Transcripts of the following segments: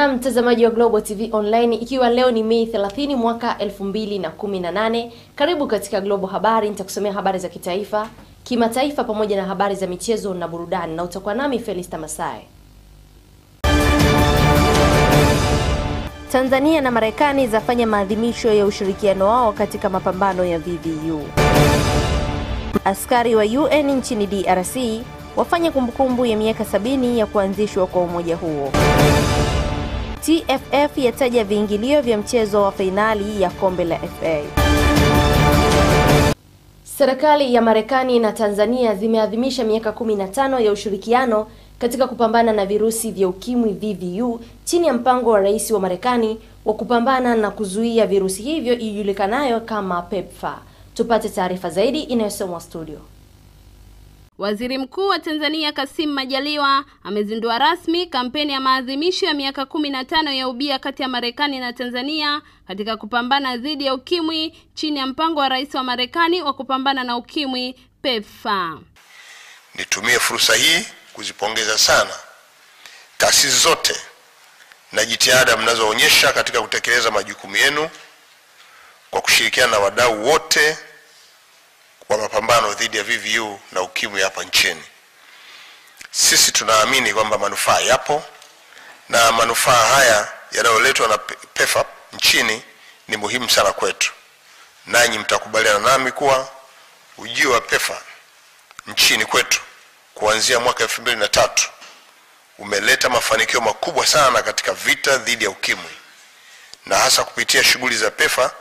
Na mtazamaji wa Global TV Online, ikiwa leo ni Mei 30 mwaka 2018, karibu katika Global Habari. Nitakusomea habari za kitaifa, kimataifa pamoja na habari za michezo na burudani, na utakuwa nami Felista Masai. Tanzania na Marekani zafanya maadhimisho ya ushirikiano wao katika mapambano ya VVU. Askari wa UN nchini DRC wafanya kumbukumbu ya miaka sabini ya kuanzishwa kwa umoja huo. TFF yataja viingilio vya mchezo wa fainali ya kombe la FA. Serikali ya Marekani na Tanzania zimeadhimisha miaka 15 ya ushirikiano katika kupambana na virusi vya ukimwi VVU chini ya mpango wa rais wa Marekani wa kupambana na kuzuia virusi hivyo ijulikanayo kama PEPFAR. Tupate taarifa zaidi inayosomwa studio. Waziri Mkuu wa Tanzania Kassim Majaliwa amezindua rasmi kampeni ya maadhimisho ya miaka kumi na tano ya ubia kati ya Marekani na Tanzania katika kupambana dhidi ya ukimwi chini ya mpango wa Rais wa Marekani wa kupambana na ukimwi PEPFAR. Nitumie fursa hii kuzipongeza sana taasisi zote na jitihada mnazoonyesha katika kutekeleza majukumu yenu kwa kushirikiana na wadau wote mapambano dhidi ya VVU na ukimwi hapa nchini. Sisi tunaamini kwamba manufaa yapo na manufaa haya yanayoletwa na PEFAP nchini ni muhimu sana kwetu. Nanyi mtakubaliana nami kuwa ujio wa PEFA nchini kwetu kuanzia mwaka elfu mbili na tatu umeleta mafanikio makubwa sana katika vita dhidi ya ukimwi na hasa kupitia shughuli za pefa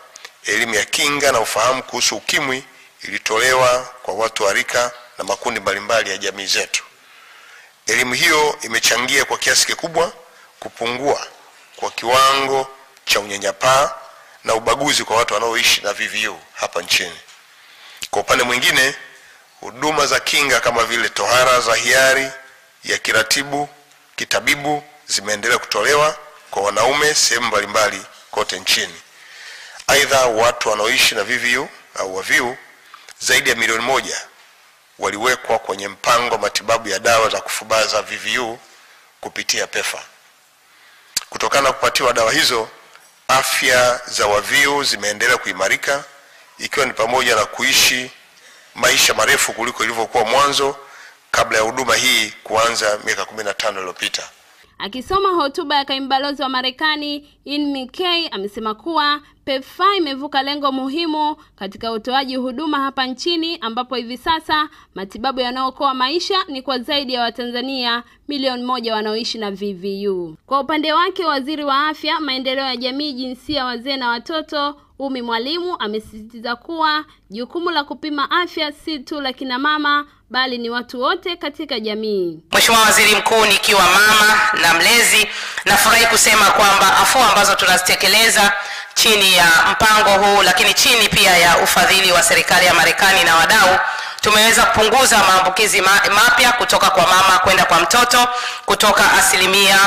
elimu ya kinga na ufahamu kuhusu ukimwi ilitolewa kwa watu wa rika na makundi mbalimbali ya jamii zetu. Elimu hiyo imechangia kwa kiasi kikubwa kupungua kwa kiwango cha unyanyapaa na ubaguzi kwa watu wanaoishi na VVU hapa nchini. Kwa upande mwingine, huduma za kinga kama vile tohara za hiari ya kiratibu kitabibu zimeendelea kutolewa kwa wanaume sehemu mbalimbali kote nchini. Aidha, watu wanaoishi na VVU au waviu zaidi ya milioni moja waliwekwa kwenye mpango wa matibabu ya dawa za kufubaza VVU kupitia pefa Kutokana na kupatiwa dawa hizo, afya za waviu zimeendelea kuimarika ikiwa ni pamoja na kuishi maisha marefu kuliko ilivyokuwa mwanzo kabla ya huduma hii kuanza miaka 15 iliyopita. Akisoma hotuba ya kaimu balozi wa Marekani In K amesema kuwa PEPFAR imevuka lengo muhimu katika utoaji huduma hapa nchini ambapo hivi sasa matibabu yanayokoa maisha ni kwa zaidi ya Watanzania milioni moja wanaoishi na VVU. Kwa upande wake, waziri wa afya, maendeleo ya jamii, jinsia, wazee na watoto umi Mwalimu amesisitiza kuwa jukumu la kupima afya si tu la kina mama bali ni watu wote katika jamii. Mheshimiwa Waziri Mkuu, nikiwa mama na mlezi, nafurahi kusema kwamba afua ambazo tunazitekeleza chini ya mpango huu, lakini chini pia ya ufadhili wa serikali ya Marekani na wadau tumeweza kupunguza maambukizi mapya kutoka kwa mama kwenda kwa mtoto kutoka asilimia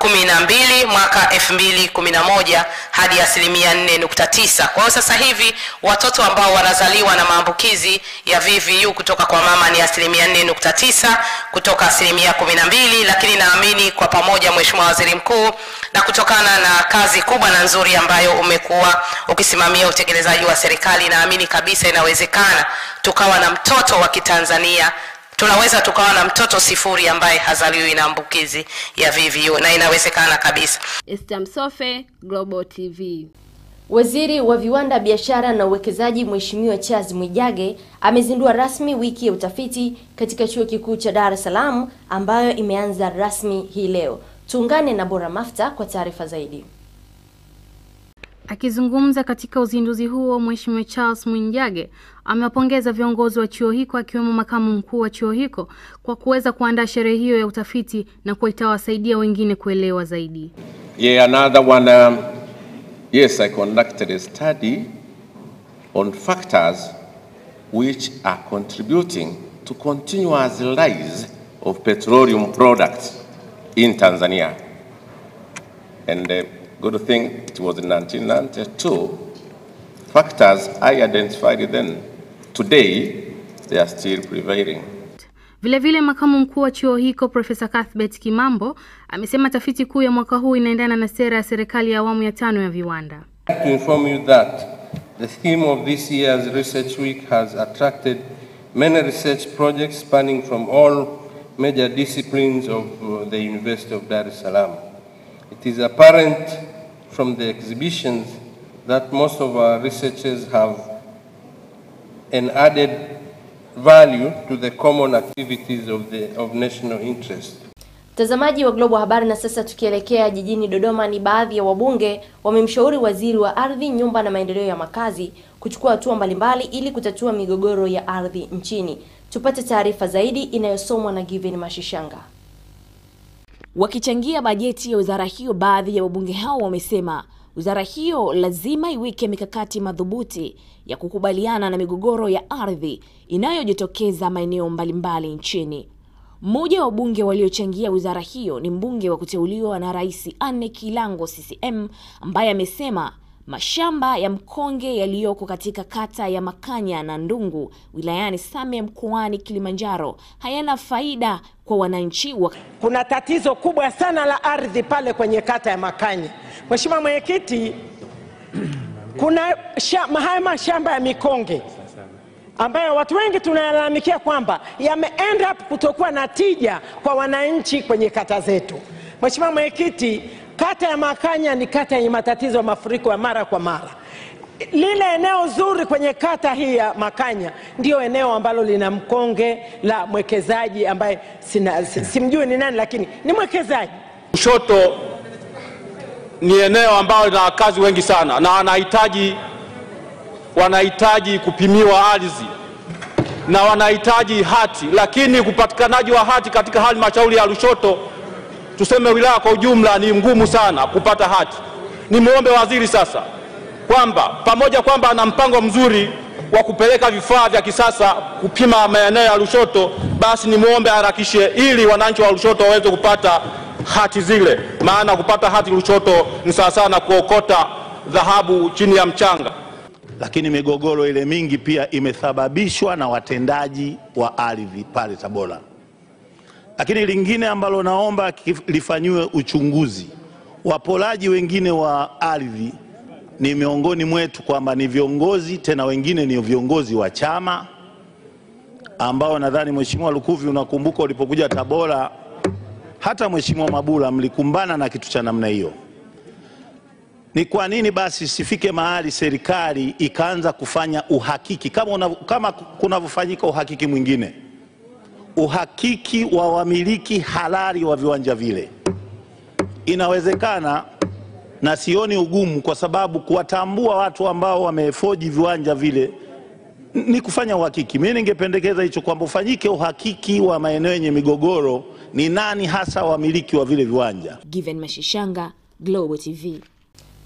12 mwaka 2011 hadi asilimia 4.9. Kwa hiyo sasa hivi watoto ambao wanazaliwa na maambukizi ya VVU kutoka kwa mama ni asilimia 4.9 kutoka asilimia 12, lakini naamini kwa pamoja, Mheshimiwa Waziri Mkuu, na kutokana na kazi kubwa na nzuri ambayo umekuwa ukisimamia utekelezaji wa serikali, naamini kabisa inawezekana tukawa na mtoto wa Kitanzania tunaweza tukawa na mtoto sifuri ambaye hazaliwi na ambukizi ya VVU na inawezekana kabisa. Msofe, Global TV. Waziri wa Viwanda, Biashara na Uwekezaji Mheshimiwa Charles Mwijage amezindua rasmi wiki ya utafiti katika Chuo Kikuu cha Dar es Salaam ambayo imeanza rasmi hii leo. Tuungane na Bora Mafta kwa taarifa zaidi. Akizungumza katika uzinduzi huo, Mheshimiwa Charles mwinjage amewapongeza viongozi wa chuo hiko akiwemo makamu mkuu wa chuo hiko kwa kuweza kuandaa sherehe hiyo ya utafiti na kwa itawasaidia wengine kuelewa zaidi. Yeah, another one, um, yes, I conducted a study on factors which are contributing to continuous rise of petroleum products in Tanzania. And the good thing, it was in 1992. Factors I identified then, today they are still prevailing. Vile vile makamu mkuu wa chuo hiko Profesa Cuthbert Kimambo amesema tafiti kuu ya mwaka huu inaendana na sera ya serikali ya awamu ya tano ya viwanda. To inform you that the theme of this year's research week has attracted many research projects spanning from all major disciplines of uh, the University of Dar es Salaam. It is apparent from the exhibitions that most of our researchers have an added value to the common activities of, the, of national interest. Mtazamaji wa Global Habari, na sasa tukielekea jijini Dodoma, ni baadhi ya wabunge wamemshauri waziri wa ardhi, nyumba na maendeleo ya makazi kuchukua hatua mbalimbali ili kutatua migogoro ya ardhi nchini. Tupate taarifa zaidi inayosomwa na Given Mashishanga. Wakichangia bajeti ya wizara hiyo, baadhi ya wabunge hao wamesema wizara hiyo lazima iweke mikakati madhubuti ya kukubaliana na migogoro ya ardhi inayojitokeza maeneo mbalimbali nchini. Mmoja wa wabunge waliochangia wizara hiyo ni mbunge wa kuteuliwa na Rais Anne Kilango CCM ambaye amesema Mashamba ya mkonge yaliyoko katika kata ya Makanya na Ndungu wilayani Same mkoani Kilimanjaro hayana faida kwa wananchi wa... kuna tatizo kubwa sana la ardhi pale kwenye kata ya Makanya. Mheshimiwa Mwenyekiti, kuna haya mashamba ya mikonge ambayo watu wengi tunayalalamikia kwamba yame kutokuwa na tija kwa wananchi kwenye kata zetu. Mheshimiwa Mwenyekiti, Kata ya Makanya ni kata yenye matatizo ya mafuriko ya mara kwa mara. Lile eneo zuri kwenye kata hii ya Makanya ndio eneo ambalo lina mkonge la mwekezaji ambaye sina, simjui ni nani, lakini ni mwekezaji. Lushoto ni eneo ambalo lina wakazi wengi sana na wanahitaji wanahitaji kupimiwa ardhi na wanahitaji hati, lakini upatikanaji wa hati katika halmashauri ya Lushoto tuseme wilaya kwa ujumla ni ngumu sana kupata hati. Nimwombe waziri sasa kwamba pamoja kwamba ana mpango mzuri wa kupeleka vifaa vya kisasa kupima maeneo ya Lushoto, basi nimwombe harakishe ili wananchi wa Lushoto waweze kupata hati zile, maana kupata hati Lushoto ni sawa sana kuokota dhahabu chini ya mchanga. Lakini migogoro ile mingi pia imesababishwa na watendaji wa ardhi pale Tabora. Lakini lingine ambalo naomba lifanyiwe uchunguzi, wapolaji wengine wa ardhi ni miongoni mwetu kwamba ni viongozi, tena wengine ni viongozi wa chama ambao nadhani Mheshimiwa Lukuvi unakumbuka ulipokuja Tabora, hata Mheshimiwa Mabula mlikumbana na kitu cha namna hiyo. Ni kwa nini basi sifike mahali serikali ikaanza kufanya uhakiki kama, kama kunavyofanyika uhakiki mwingine? uhakiki wa wamiliki halali wa viwanja vile. Inawezekana na sioni ugumu, kwa sababu kuwatambua watu ambao wamefoji viwanja vile ni kufanya uhakiki. Mimi ningependekeza hicho kwamba ufanyike uhakiki wa maeneo yenye migogoro, ni nani hasa wamiliki wa vile viwanja. Given Mashishanga, Global TV.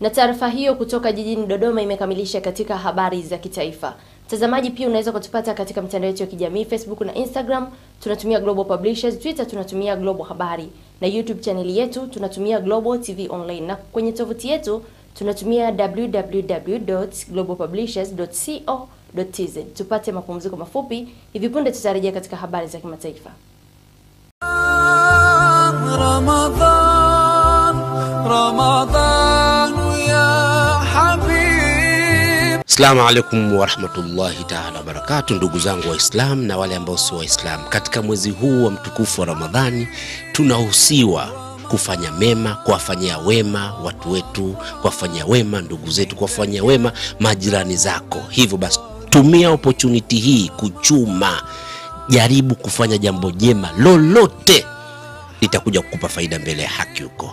Na taarifa hiyo kutoka jijini Dodoma imekamilisha katika habari za kitaifa. Mtazamaji, pia unaweza kutupata katika mitandao yetu ya kijamii Facebook na Instagram, tunatumia Global Publishers, Twitter tunatumia Global Habari na YouTube chaneli yetu tunatumia Global TV Online, na kwenye tovuti yetu tunatumia www.globalpublishers.co.tz. Tupate mapumziko mafupi, hivi punde tutarejea katika habari za kimataifa. alaykum wa warahmatullahi taala wa barakatuh, ndugu zangu waislam na wale ambao sio waislam katika mwezi huu wa mtukufu wa Ramadhani tunahusiwa kufanya mema, kuwafanyia wema watu wetu, kuwafanyia wema ndugu zetu, kuwafanyia wema majirani zako. Hivyo basi, tumia opportunity hii kuchuma, jaribu kufanya jambo jema lolote litakuja kukupa faida mbele ya haki huko.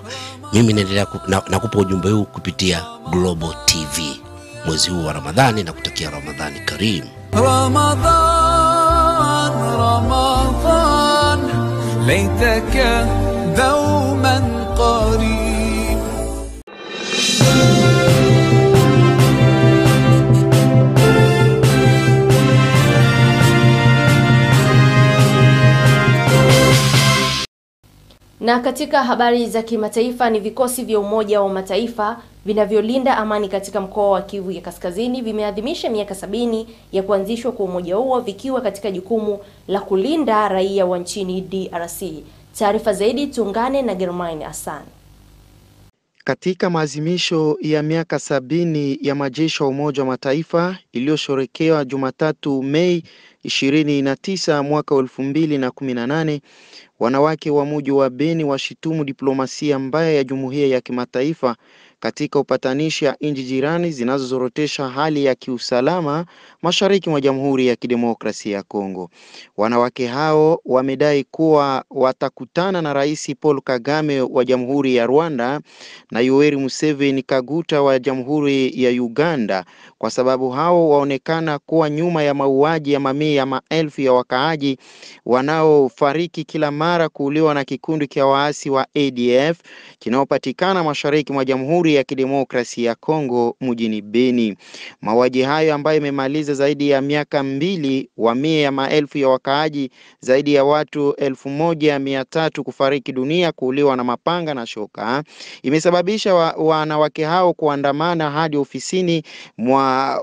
Mimi naendelea nakupa na ujumbe huu kupitia Global TV. mwezi huu wa Ramadhani na kutakia Ramadhani Karim. Ramadhan, Ramadhan, laitaka dawman قريب Na katika habari za kimataifa ni vikosi vya Umoja wa Mataifa vinavyolinda amani katika mkoa wa Kivu ya Kaskazini vimeadhimisha miaka sabini ya kuanzishwa kwa umoja huo vikiwa katika jukumu la kulinda raia wa nchini DRC. Taarifa zaidi tuungane na Germain Hassan. Katika maazimisho ya miaka sabini ya majeshi ya Umoja wa Mataifa iliyosherekewa Jumatatu Mei ishirini na tisa mwaka elfu mbili na kumi na nane wanawake wa muji wa Beni washitumu diplomasia mbaya ya jumuiya ya kimataifa katika upatanishi ya nchi jirani zinazozorotesha hali ya kiusalama mashariki mwa Jamhuri ya Kidemokrasia ya Kongo. Wanawake hao wamedai kuwa watakutana na Rais Paul Kagame wa Jamhuri ya Rwanda na Yoweri Museveni Kaguta wa Jamhuri ya Uganda kwa sababu hao waonekana kuwa nyuma ya mauaji ya mamia ya maelfu ya wakaaji wanaofariki kila mara kuuliwa na kikundi cha waasi wa ADF kinaopatikana mashariki mwa Jamhuri Jamhuri ya Kidemokrasi ya Kongo mjini Beni. Mauaji hayo ambayo imemaliza zaidi ya miaka mbili, wamia ya maelfu ya wakaaji, zaidi ya watu elfu moja mia tatu kufariki dunia kuuliwa na mapanga na shoka, imesababisha wanawake hao kuandamana hadi ofisini mwa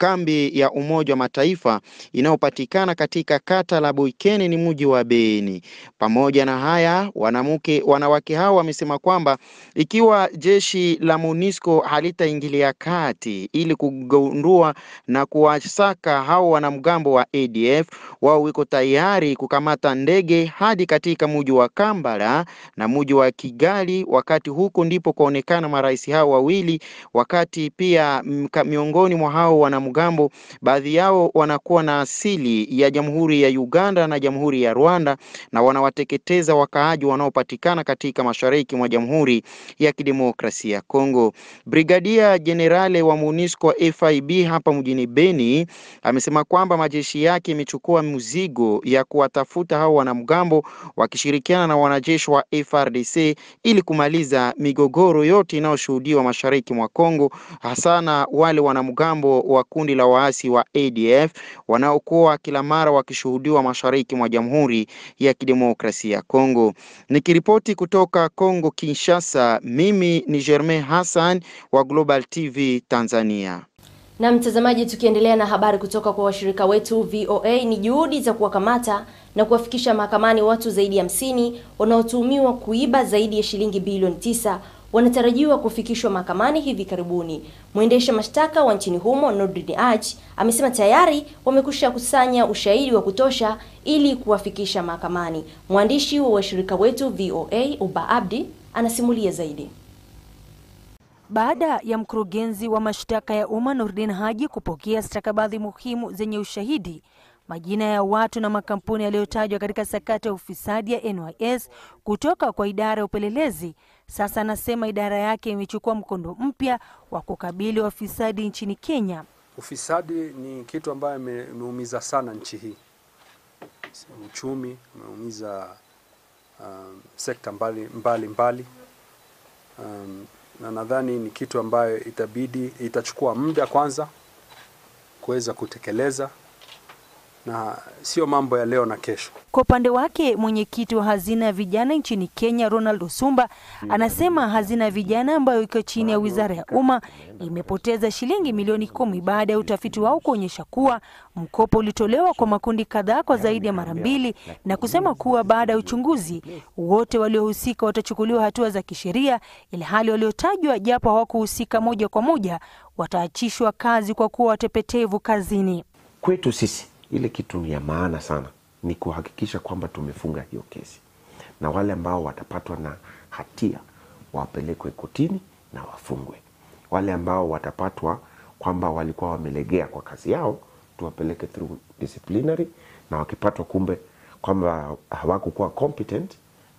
kambi ya Umoja wa Mataifa inayopatikana katika kata la Boikeni ni mji wa Beni. Pamoja na haya, wanamke wanawake hao wamesema kwamba ikiwa jeshi la MONUSCO halitaingilia kati ili kugundua na kuwasaka hao wanamgambo wa ADF, wao wiko tayari kukamata ndege hadi katika mji wa Kambala na mji wa Kigali, wakati huko ndipo kuonekana marais hao wawili, wakati pia miongoni mwa hao wanamgambo wanamgambo, baadhi yao wanakuwa na asili ya Jamhuri ya Uganda na Jamhuri ya Rwanda na wanawateketeza wakaaji wanaopatikana katika mashariki mwa Jamhuri ya Kidemokrasia ya Kongo. Brigadia Jenerale wa MONUSCO FIB hapa mjini Beni amesema kwamba majeshi yake imechukua mzigo ya kuwatafuta hao wanamgambo wakishirikiana na wanajeshi wa FRDC ili kumaliza migogoro yote inayoshuhudiwa mashariki mwa Kongo, hasa na wale wanamgambo wa kundi la waasi wa ADF wanaokuwa kila mara wakishuhudiwa mashariki mwa Jamhuri ya Kidemokrasia ya Kongo. Nikiripoti kutoka Kongo Kinshasa, mimi ni Germain Hassan wa Global TV Tanzania. Na mtazamaji, tukiendelea na habari kutoka kwa washirika wetu VOA, ni juhudi za kuwakamata na kuwafikisha mahakamani watu zaidi ya hamsini wanaotuhumiwa kuiba zaidi ya shilingi bilioni tisa wanatarajiwa kufikishwa mahakamani hivi karibuni. Mwendesha mashtaka wa nchini humo Nordin Haji amesema tayari wamekusha kusanya ushahidi wa kutosha ili kuwafikisha mahakamani. Mwandishi wa washirika wetu VOA Uba Abdi anasimulia zaidi. Baada ya mkurugenzi wa mashtaka ya umma Nordin Haji kupokea stakabadhi muhimu zenye ushahidi majina ya watu na makampuni yaliyotajwa katika sakata ya ufisadi ya NYS kutoka kwa idara ya upelelezi sasa anasema idara yake imechukua mkondo mpya wa kukabili wafisadi nchini Kenya. Ufisadi ni kitu ambayo imeumiza sana nchi hii, uchumi umeumiza um, sekta mbali mbali, mbali. Um, na nadhani ni kitu ambayo itabidi itachukua muda kwanza kuweza kutekeleza na sio mambo ya leo na kesho. Kwa upande wake mwenyekiti wa hazina ya vijana nchini Kenya, Ronald Osumba, anasema hazina ya vijana ambayo iko chini ya wizara ya umma imepoteza shilingi milioni kumi baada ya utafiti wao kuonyesha kuwa mkopo ulitolewa kwa makundi kadhaa kwa zaidi ya mara mbili, na kusema kuwa baada ya uchunguzi wote waliohusika watachukuliwa hatua za kisheria, ili hali waliotajwa japo hawakuhusika moja kwa moja wataachishwa kazi kwa kuwa watepetevu kazini. Kwetu sisi ile kitu ya maana sana ni kuhakikisha kwamba tumefunga hiyo kesi, na wale ambao watapatwa na hatia wapelekwe kotini na wafungwe. Wale ambao watapatwa kwamba walikuwa wamelegea kwa kazi yao tuwapeleke through disciplinary, na wakipatwa kumbe kwamba hawakukuwa competent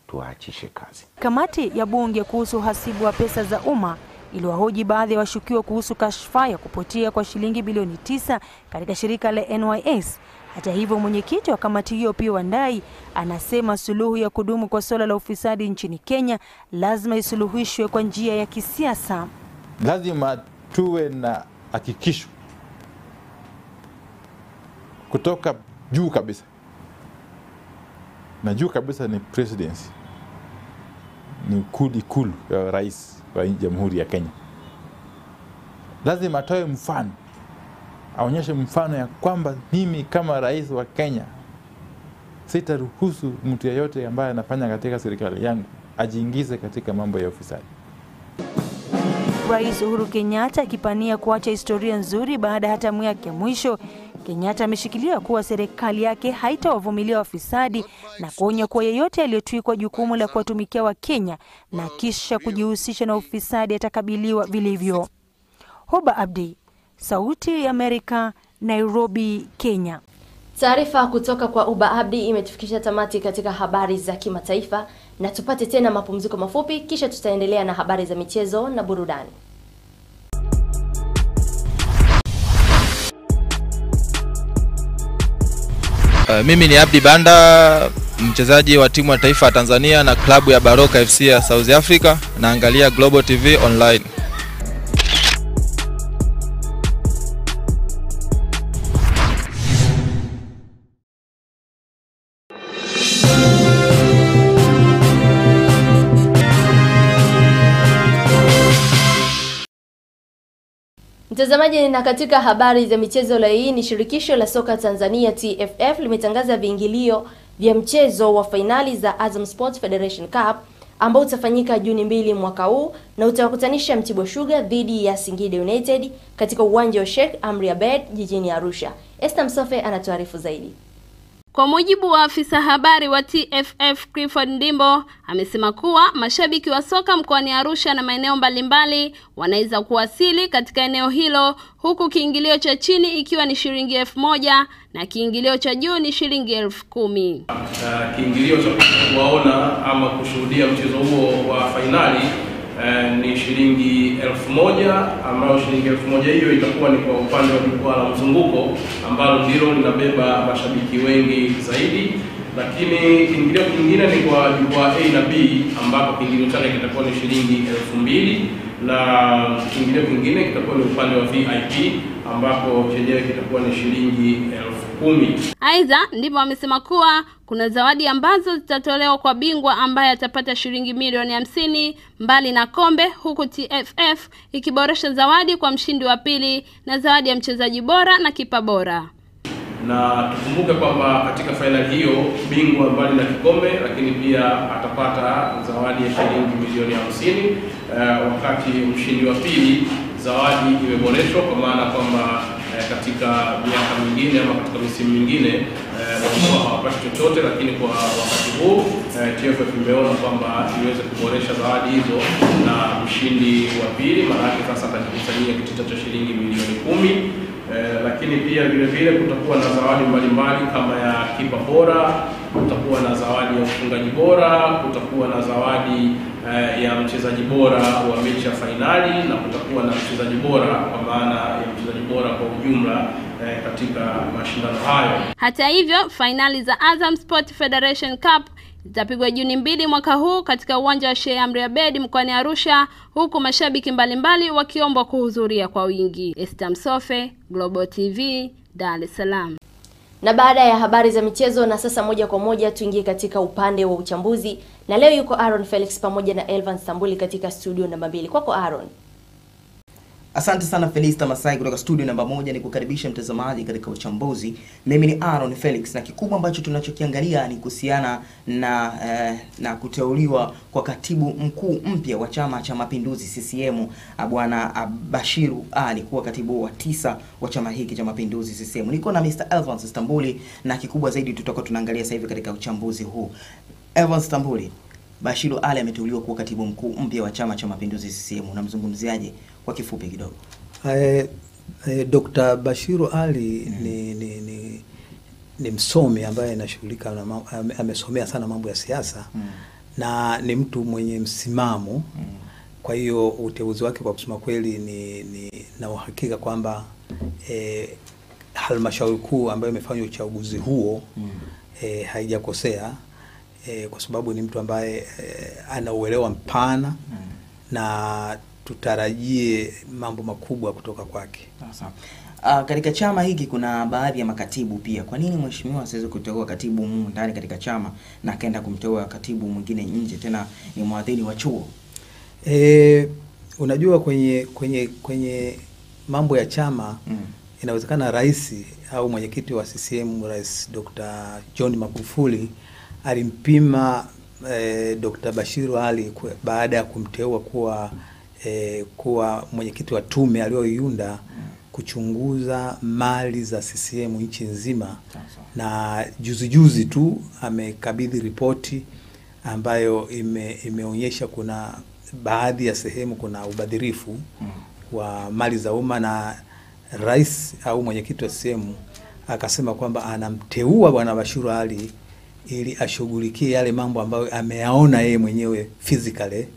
tuwaachishe kazi. Kamati ya bunge kuhusu uhasibu wa pesa za umma iliwahoji baadhi ya wa washukiwa kuhusu kashfa ya kupotea kwa shilingi bilioni tisa katika shirika la NYS. Hata hivyo, mwenyekiti wa kamati hiyo pia Wandai anasema suluhu ya kudumu kwa suala la ufisadi nchini Kenya lazima isuluhishwe kwa njia ya kisiasa. Lazima tuwe na hakikisho kutoka juu kabisa, na juu kabisa ni presidency, ni kulu ya rais wa Jamhuri ya Kenya. Lazima atoe mfano, aonyeshe mfano ya kwamba mimi kama rais wa Kenya sitaruhusu mtu yeyote ambaye anafanya katika serikali yangu ajiingize katika mambo ya ufisadi. Rais Uhuru Kenyatta akipania kuacha historia nzuri baada ya hatamu yake ya mwisho Kenyatta ameshikilia kuwa serikali yake haitawavumilia wafisadi na kuonya kuwa yeyote aliyetwikwa jukumu la kuwatumikia Wakenya na kisha kujihusisha na ufisadi atakabiliwa vilivyo. Hoba Abdi, Sauti ya Amerika, Nairobi, Kenya. Taarifa kutoka kwa Uba Abdi imetufikisha tamati katika habari za kimataifa, na tupate tena mapumziko mafupi, kisha tutaendelea na habari za michezo na burudani. Eh, mimi ni Abdi Banda mchezaji wa timu ya taifa ya Tanzania na klabu ya Baroka FC ya South Africa, naangalia Global TV Online. Mtazamaji, na katika habari za michezo la hii ni shirikisho la soka Tanzania TFF limetangaza viingilio vya mchezo wa fainali za Azam Sports Federation Cup ambao utafanyika Juni mbili mwaka huu na utawakutanisha Mtibwa Sugar dhidi ya Singida United katika uwanja wa Sheikh Amri Abeid jijini Arusha. Esther Msofe anatuarifu zaidi. Kwa mujibu wa afisa habari wa TFF Clifford Ndimbo, amesema kuwa mashabiki wa soka mkoani Arusha na maeneo mbalimbali wanaweza kuwasili katika eneo hilo huku kiingilio cha chini ikiwa ni shilingi elfu moja na kiingilio cha juu ni shilingi elfu kumi. Uh, kiingilio cha kuwaona ama kushuhudia mchezo huo wa fainali Eh, ni shilingi elfu moja ambayo shilingi elfu moja hiyo itakuwa ni kwa upande wa jukwaa la mzunguko ambalo ndilo linabeba mashabiki wengi zaidi, lakini kiingilio kingine ni kwa jukwaa A na B ambapo kiingilio chake kitakuwa ni shilingi elfu mbili na kiingilio kingine kitakuwa ni upande wa VIP ambapo chenyewe kitakuwa ni shilingi elfu kumi. Aidha, ndipo amesema kuwa kuna zawadi ambazo zitatolewa kwa bingwa ambaye atapata shilingi milioni hamsini mbali na kombe, huku TFF ikiboresha zawadi kwa mshindi wa pili na zawadi ya mchezaji bora na kipa bora. Na tukumbuke kwamba katika fainali hiyo bingwa mbali na kikombe, lakini pia atapata zawadi ya shilingi milioni hamsini, uh, wakati mshindi wa pili zawadi imeboreshwa kwa maana kwamba eh, katika miaka mingine ama katika misimu mingine walikuwa eh, hawapati chochote, lakini kwa wakati huu eh, TFF imeona kwamba iweze kuboresha zawadi hizo, na mshindi wa pili maanake sasa atajikusanyia kitita cha shilingi milioni kumi. Eh, lakini pia vile vile kutakuwa na zawadi mbalimbali kama ya kipa bora, kutakuwa na zawadi ya ufungaji bora, kutakuwa na zawadi Eh, ya mchezaji bora wa mechi ya fainali na kutakuwa na mchezaji bora kwa maana ya mchezaji bora kwa ujumla eh, katika mashindano hayo. Hata hivyo, fainali za Azam Sport Federation Cup zitapigwa Juni mbili mwaka huu katika uwanja wa Sheikh Amri Abeid mkoani Arusha, huku mashabiki mbalimbali wakiombwa kuhudhuria kwa wingi. Esther Msofe, Global TV, Dar es Salaam. Na baada ya habari za michezo, na sasa moja kwa moja tuingie katika upande wa uchambuzi, na leo yuko Aaron Felix pamoja na Elvan Stambuli katika studio namba mbili. Kwako Aaron. Asante sana Felista Masai kutoka studio namba moja, ni kukaribisha mtazamaji katika uchambuzi. Mimi ni Aaron Felix na kikubwa ambacho tunachokiangalia ni kuhusiana na eh, na kuteuliwa kwa katibu mkuu mpya wa Chama cha Mapinduzi CCM ah, Bwana Bashiru Ali kuwa katibu wa tisa wa chama hiki cha Mapinduzi CCM. Niko na Mr. Evans Stambuli na kikubwa zaidi tutakuwa tunaangalia sasa hivi katika uchambuzi huu. Evans Stambuli, Bashiru Ali ameteuliwa kuwa katibu mkuu mpya wa Chama cha Mapinduzi CCM. Unamzungumziaje? kwa kifupi kidogo? Eh, Dr. Bashiru Ali mm. ni, ni, ni, ni msomi ambaye anashughulika na amesomea sana mambo ya siasa mm. na ni mtu mwenye msimamo mm. Kwa hiyo uteuzi wake kwa kusema kweli ni, ni na uhakika kwamba eh, halmashauri kuu ambayo imefanya uchaguzi huo mm. eh, haijakosea eh, kwa sababu ni mtu ambaye eh, anauelewa mpana mm. na tutarajie mambo makubwa kutoka kwake. Uh, katika chama hiki kuna baadhi ya makatibu pia. Kwa nini mheshimiwa asiweze kuteua katibu mmoja ndani katika chama na akaenda kumteua katibu mwingine nje, tena ni mwadhini wa chuo? E, unajua kwenye kwenye kwenye mambo ya chama mm. Inawezekana rais au mwenyekiti wa CCM Rais Dr. John Magufuli alimpima eh, Dr. Bashiru Ali baada ya kumteua kuwa mm eh, kuwa mwenyekiti wa tume aliyoiunda kuchunguza mali za CCM nchi nzima, na juzi juzi tu amekabidhi ripoti ambayo ime, imeonyesha kuna baadhi ya sehemu kuna ubadhirifu wa mali za umma, na rais au mwenyekiti wa CCM akasema kwamba anamteua bwana Bashiru Ali ili ashughulikie yale mambo ambayo ameyaona yeye mwenyewe physically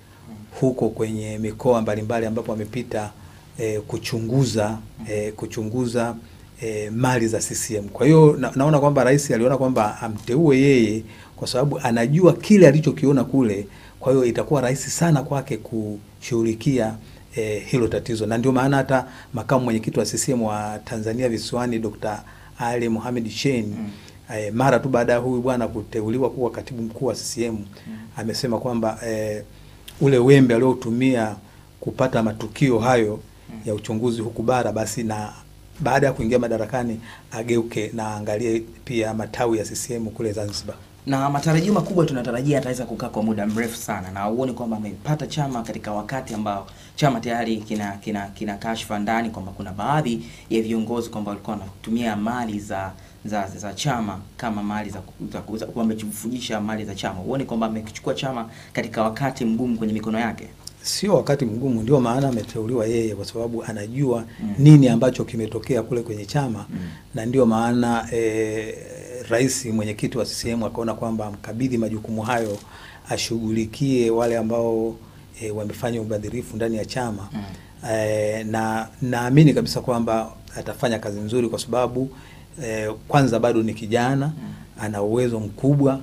huko kwenye mikoa mbalimbali ambapo amepita e, eh, kuchunguza e, kuchunguza e, mali za CCM. Kwa hiyo na, naona kwamba rais aliona kwamba amteue yeye kwa sababu anajua kile alichokiona kule. Kwa hiyo itakuwa rahisi sana kwake kushughulikia e, hilo tatizo, na ndio maana hata makamu mwenyekiti wa CCM wa Tanzania Visiwani Dr. Ali Mohamed Shein mm. E, mara tu baada ya huyu bwana kuteuliwa kuwa katibu mkuu wa CCM mm. amesema kwamba e, ule wembe aliotumia kupata matukio hayo ya uchunguzi huku bara, basi na baada ya kuingia madarakani ageuke na aangalie pia matawi ya CCM kule Zanzibar na matarajio makubwa tunatarajia ataweza kukaa kwa muda mrefu sana, na uone kwamba amepata chama katika wakati ambao chama tayari kina kina, kina kashfa ndani kwamba kuna baadhi ya viongozi kwamba walikuwa wanatumia mali za za, za chama kama mali za, za kuuza, amefujisha mali za chama. Uone kwamba amekichukua chama katika wakati mgumu kwenye mikono yake? Sio wakati mgumu, ndio maana ameteuliwa yeye, kwa sababu anajua mm. nini ambacho kimetokea kule kwenye chama mm. na ndio maana e, rais mwenyekiti wa CCM akaona kwamba amkabidhi majukumu hayo ashughulikie wale ambao e, wamefanya ubadhirifu ndani ya chama mm. e, na naamini kabisa kwamba atafanya kazi nzuri kwa sababu eh, kwanza bado ni kijana, ana uwezo mkubwa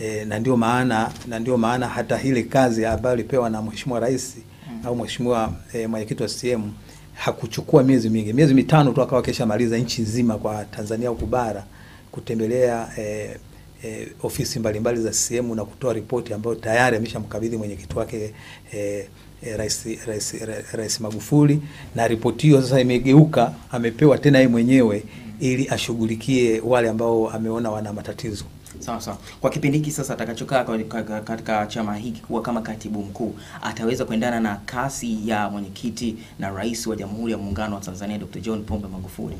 eh, na ndio maana na ndio maana hata ile kazi ambayo alipewa na mheshimiwa rais mm. au mheshimiwa eh, mwenyekiti wa CCM hakuchukua miezi mingi, miezi mitano tu akawa kesha maliza nchi nzima kwa Tanzania huku bara kutembelea eh, eh, ofisi mbalimbali za CCM na kutoa ripoti ambayo tayari ameshamkabidhi mwenyekiti wake eh, eh, Rais, rais, rais, rais Magufuli, na ripoti hiyo sasa imegeuka, amepewa tena yeye mwenyewe ili ashughulikie wale ambao ameona wana matatizo. Sawa sawa. Kwa kipindi hiki sasa atakachokaa katika chama hiki kuwa kama katibu mkuu ataweza kuendana na kasi ya mwenyekiti na rais wa Jamhuri ya Muungano wa Tanzania Dr. John Pombe Magufuli.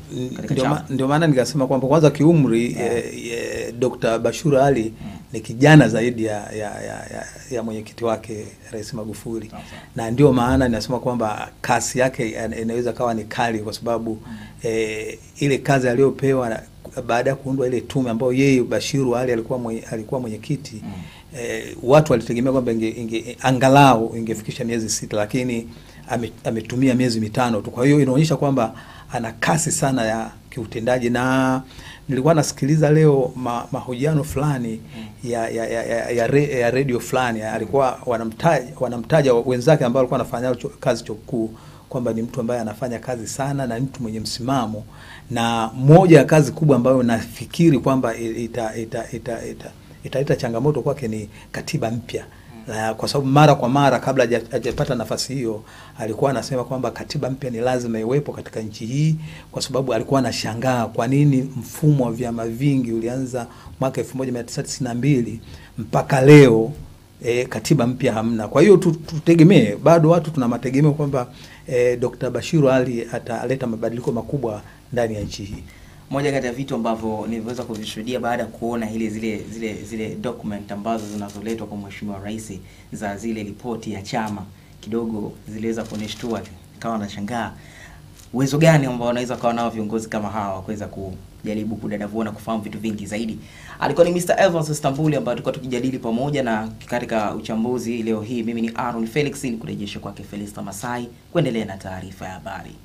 Ndio maana nikasema kwamba kwanza kiumri, yeah. eh, eh, eh Dr. Bashura Ali mm ni kijana zaidi ya, ya, ya, ya, ya mwenyekiti wake Rais Magufuli Na ndio maana ninasema kwamba kasi yake inaweza kawa ni kali kwa sababu mm. eh, ile kazi aliyopewa baada ya kuundwa ile tume ambayo yeye Bashiru Ali alikuwa mwenye, alikuwa mwenyekiti mm. eh, watu walitegemea kwamba inge, inge, angalau ingefikisha miezi sita, lakini ametumia miezi mitano tu. Kwa hiyo inaonyesha kwamba ana kasi sana ya kiutendaji na nilikuwa nasikiliza leo ma, mahojiano fulani ya ya, ya, ya, ya, re, ya radio fulani alikuwa wanamtaja wanamtaja wenzake ambao walikuwa wanafanya kazi chuo kikuu kwamba ni mtu ambaye anafanya kazi sana na mtu mwenye msimamo, na moja ya kazi kubwa ambayo nafikiri kwamba italeta ita, ita, ita, ita, ita changamoto kwake ni katiba mpya uh, kwa sababu mara kwa mara kabla hajapata nafasi hiyo alikuwa anasema kwamba katiba mpya ni lazima iwepo katika nchi hii, kwa sababu alikuwa anashangaa kwa nini mfumo wa vyama vingi ulianza mwaka 1992 mpaka leo e, katiba mpya hamna. Kwa hiyo tutegemee, bado watu tuna mategemeo kwamba e, eh, Dr. Bashiru Ali ataleta mabadiliko makubwa ndani ya nchi hii moja kati ya vitu ambavyo niliweza kuvishuhudia baada ya kuona hili zile zile zile document ambazo zinazoletwa kwa mheshimiwa rais za zile ripoti ya chama kidogo ziliweza kunishtua, kama nashangaa uwezo gani ambao wanaweza kuwa nao viongozi kama hawa kuweza kujaribu kudadavua na kufahamu vitu vingi zaidi. Alikuwa ni Mr. Evans Stambuli ambaye tulikuwa tukijadili pamoja na katika uchambuzi leo hii. Mimi ni Aaron Felix, ni kurejesha kwake Felista Masai kuendelea na taarifa ya habari.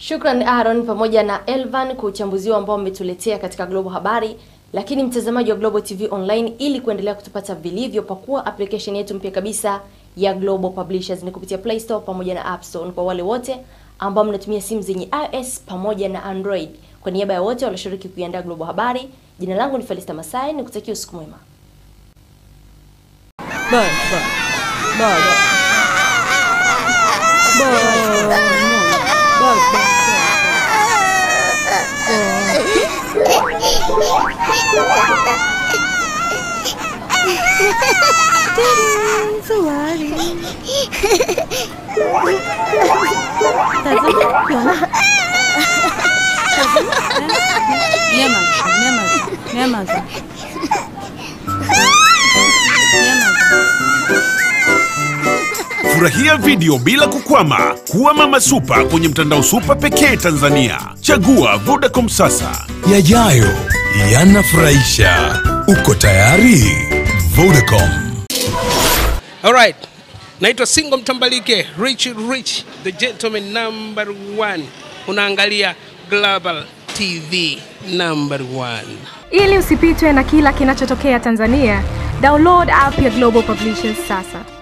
Shukran Aaron pamoja na Elvan kwa uchambuzi ambao umetuletea katika Global Habari. Lakini mtazamaji wa Global TV Online, ili kuendelea kutupata vilivyo, pakua application yetu mpya kabisa ya Global Publishers ni kupitia Play Store pamoja na App Store kwa wale wote ambao mnatumia simu zenye iOS pamoja na Android. Kwa niaba ya wote walioshiriki kuiandaa Global Habari, jina langu ni Felista Masai, nikutakia usiku mwema. Bye, bye. Bye, bye. Bye. Furahia video bila kukwama. Kuwa mama supa kwenye mtandao supa pekee Tanzania. Chagua Vodacom sasa. Yajayo yanafurahisha. Uko tayari? Vodacom. Alright. Naitwa Singo Mtambalike, Rich Rich, the gentleman number one. Unaangalia Global TV number one. Ili usipitwe na kila kinachotokea Tanzania, download app ya Global Publishers sasa.